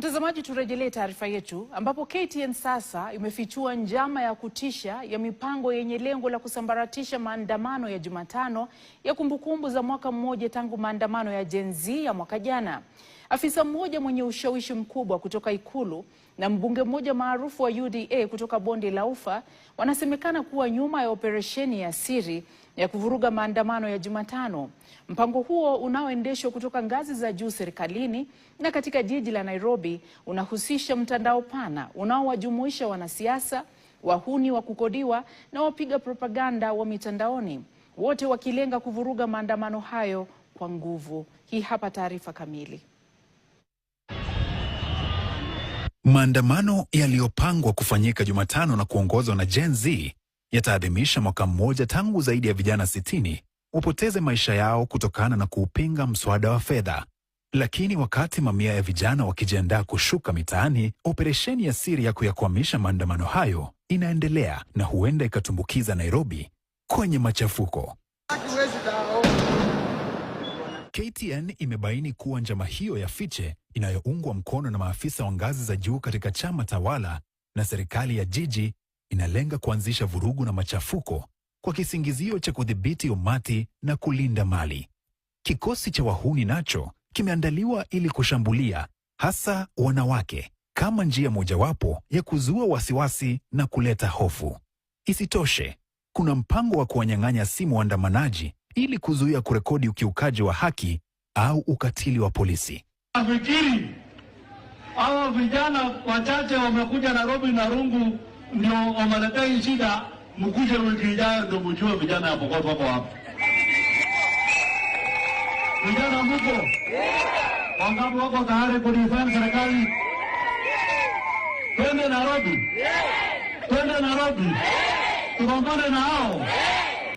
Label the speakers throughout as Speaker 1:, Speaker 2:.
Speaker 1: Mtazamaji, turejelee taarifa yetu ambapo KTN sasa imefichua njama ya kutisha ya mipango yenye lengo la kusambaratisha maandamano ya Jumatano ya kumbukumbu za mwaka mmoja tangu maandamano ya Gen Z ya mwaka jana. Afisa mmoja mwenye ushawishi mkubwa kutoka Ikulu na mbunge mmoja maarufu wa UDA kutoka Bonde la Ufa wanasemekana kuwa nyuma ya operesheni ya siri ya kuvuruga maandamano ya Jumatano. Mpango huo unaoendeshwa kutoka ngazi za juu serikalini na katika jiji la Nairobi unahusisha mtandao pana unaowajumuisha wanasiasa, wahuni wa kukodiwa na wapiga propaganda wa mitandaoni, wote wakilenga kuvuruga maandamano hayo kwa nguvu. Hii hapa taarifa kamili.
Speaker 2: Maandamano yaliyopangwa kufanyika Jumatano na kuongozwa na Gen Z yataadhimisha mwaka mmoja tangu zaidi ya vijana 60 wapoteze maisha yao kutokana na kuupinga mswada wa fedha. Lakini wakati mamia ya vijana wakijiandaa kushuka mitaani, operesheni ya siri ya kuyakwamisha maandamano hayo inaendelea na huenda ikatumbukiza Nairobi kwenye machafuko. KTN imebaini kuwa njama hiyo ya fiche inayoungwa mkono na maafisa wa ngazi za juu katika chama tawala na serikali ya jiji inalenga kuanzisha vurugu na machafuko kwa kisingizio cha kudhibiti umati na kulinda mali. Kikosi cha wahuni nacho kimeandaliwa ili kushambulia hasa wanawake kama njia mojawapo ya kuzua wasiwasi na kuleta hofu. Isitoshe, kuna mpango wa kuwanyang'anya simu waandamanaji ili kuzuia kurekodi ukiukaji wa haki au ukatili wa polisi.
Speaker 3: Nafikiri hawa vijana wachache wamekuja na na rungu ndio omaradai shida, mkuje wiki ijayo ndio mjue vijana ya wako wapi. Vijana mko wangapi wako tayari kudefend serikali? Twende Nairobi, twende Nairobi tugombane na hao.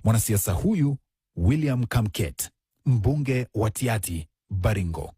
Speaker 2: Mwanasiasa huyu William Kamket, mbunge wa tiati Baringo,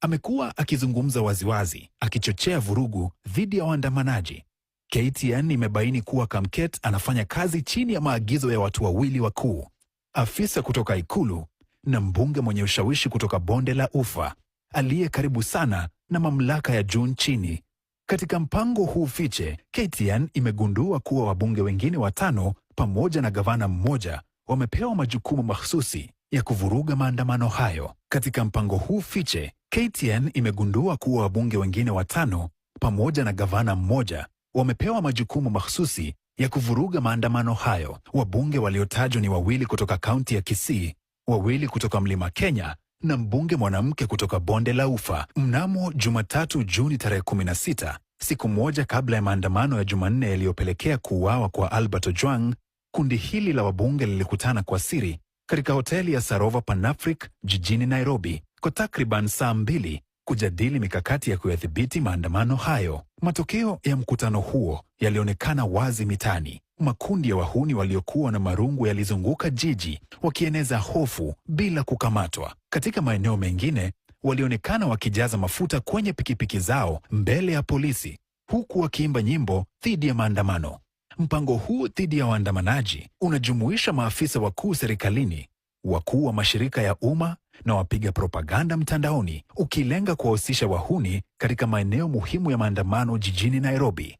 Speaker 2: amekuwa akizungumza waziwazi akichochea vurugu dhidi ya waandamanaji KTN imebaini kuwa Kamket anafanya kazi chini ya maagizo ya watu wawili wakuu, afisa kutoka ikulu na mbunge mwenye ushawishi kutoka bonde la Ufa aliye karibu sana na mamlaka ya juu nchini. Katika mpango huu fiche, KTN imegundua kuwa wabunge wengine watano pamoja na gavana mmoja wamepewa majukumu mahususi ya kuvuruga maandamano hayo. Katika mpango huu fiche, KTN imegundua kuwa wabunge wengine watano pamoja na gavana mmoja wamepewa majukumu mahususi ya kuvuruga maandamano hayo. Wabunge waliotajwa ni wawili kutoka kaunti ya Kisii, wawili kutoka Mlima Kenya na mbunge mwanamke kutoka Bonde la Ufa. Mnamo Jumatatu Juni tarehe 16, siku moja kabla ya maandamano ya Jumanne yaliyopelekea kuuawa kwa Albert Ojwang, kundi hili la wabunge lilikutana kwa siri katika hoteli ya Sarova Panafric jijini Nairobi kwa takriban saa mbili kujadili mikakati ya kuyadhibiti maandamano hayo. Matokeo ya mkutano huo yalionekana wazi mitani. Makundi ya wahuni waliokuwa na marungu yalizunguka jiji wakieneza hofu bila kukamatwa. Katika maeneo mengine, walionekana wakijaza mafuta kwenye pikipiki zao mbele ya polisi, huku wakiimba nyimbo dhidi ya maandamano. Mpango huu dhidi ya waandamanaji unajumuisha maafisa wakuu serikalini, wakuu wa mashirika ya umma na wapiga propaganda mtandaoni ukilenga kuwahusisha wahuni katika maeneo muhimu ya maandamano jijini Nairobi,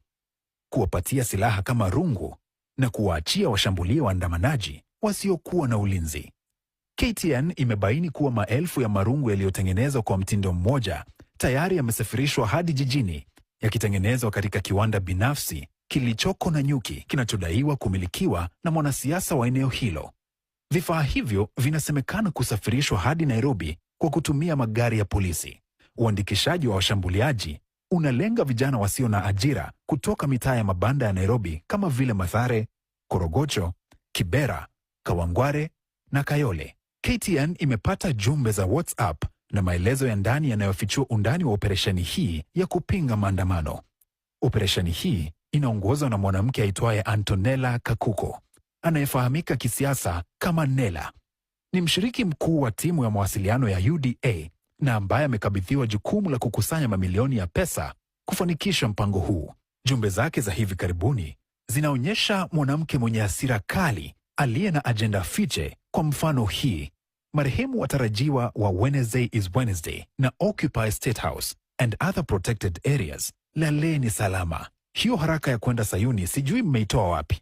Speaker 2: kuwapatia silaha kama rungu na kuwaachia washambulie waandamanaji wasiokuwa na ulinzi. KTN imebaini kuwa maelfu ya marungu yaliyotengenezwa kwa mtindo mmoja tayari yamesafirishwa hadi jijini yakitengenezwa katika kiwanda binafsi kilichoko na nyuki kinachodaiwa kumilikiwa na mwanasiasa wa eneo hilo. Vifaa hivyo vinasemekana kusafirishwa hadi Nairobi kwa kutumia magari ya polisi. Uandikishaji wa washambuliaji unalenga vijana wasio na ajira kutoka mitaa ya mabanda ya Nairobi kama vile Mathare, Korogocho, Kibera, Kawangware na Kayole. KTN imepata jumbe za WhatsApp na maelezo ya ndani yanayofichua undani wa operesheni hii ya kupinga maandamano. Operesheni hii inaongozwa na mwanamke aitwaye Antonella Kakuko anayefahamika kisiasa kama Nela. Ni mshiriki mkuu wa timu ya mawasiliano ya UDA na ambaye amekabidhiwa jukumu la kukusanya mamilioni ya pesa kufanikisha mpango huu. Jumbe zake za hivi karibuni zinaonyesha mwanamke mwenye hasira kali aliye na ajenda fiche. Kwa mfano hii, marehemu watarajiwa wa Wednesday is Wednesday na Occupy State House and other protected areas, laleni salama. Hiyo haraka ya kwenda Sayuni sijui mmeitoa wapi.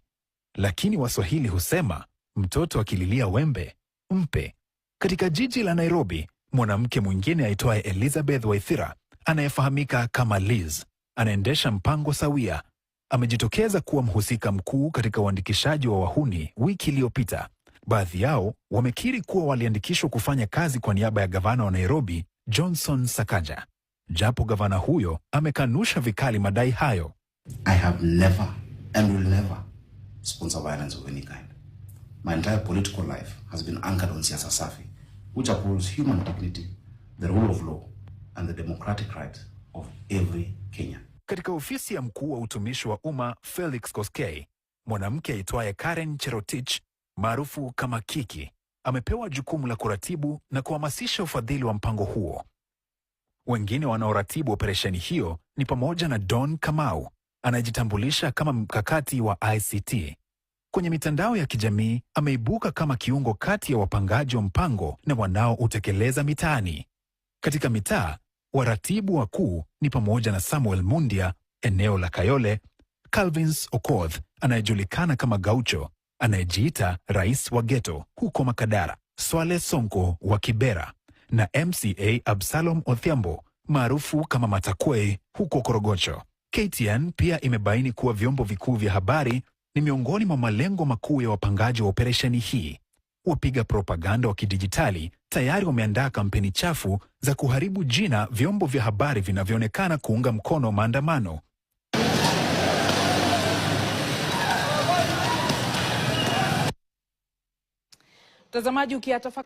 Speaker 2: Lakini Waswahili husema mtoto akililia wembe mpe. Katika jiji la Nairobi, mwanamke mwingine aitwaye Elizabeth Waithira anayefahamika kama Liz anaendesha mpango sawia. Amejitokeza kuwa mhusika mkuu katika uandikishaji wa wahuni wiki iliyopita. Baadhi yao wamekiri kuwa waliandikishwa kufanya kazi kwa niaba ya gavana wa Nairobi, Johnson Sakaja, japo gavana huyo amekanusha vikali madai hayo.
Speaker 4: I have never and will never sponsor violence of any kind. My entire political life has been anchored on siasa safi, which upholds human dignity, the rule of law, and the democratic rights of every Kenyan.
Speaker 2: Katika ofisi ya mkuu wa utumishi wa umma Felix Koskei, mwanamke aitwaye Karen Cherotich maarufu kama Kiki amepewa jukumu la kuratibu na kuhamasisha ufadhili wa mpango huo. Wengine wanaoratibu operesheni hiyo ni pamoja na Don Kamau anayejitambulisha kama mkakati wa ICT kwenye mitandao ya kijamii ameibuka kama kiungo kati ya wapangaji wa mpango na wanaoutekeleza mitaani. Katika mitaa, waratibu wakuu ni pamoja na Samuel Mundia eneo la Kayole, Calvins Okoth anayejulikana kama Gaucho anayejiita rais wa geto huko Makadara, Swale Sonko wa Kibera na MCA Absalom Othiambo maarufu kama Matakwei huko Korogocho. KTN pia imebaini kuwa vyombo vikuu vya habari ni miongoni mwa malengo makuu ya wapangaji wa operesheni hii. Wapiga propaganda wa kidijitali tayari wameandaa kampeni chafu za kuharibu jina vyombo vya habari vinavyoonekana kuunga mkono maandamano. Mtazamaji ukiyatafakari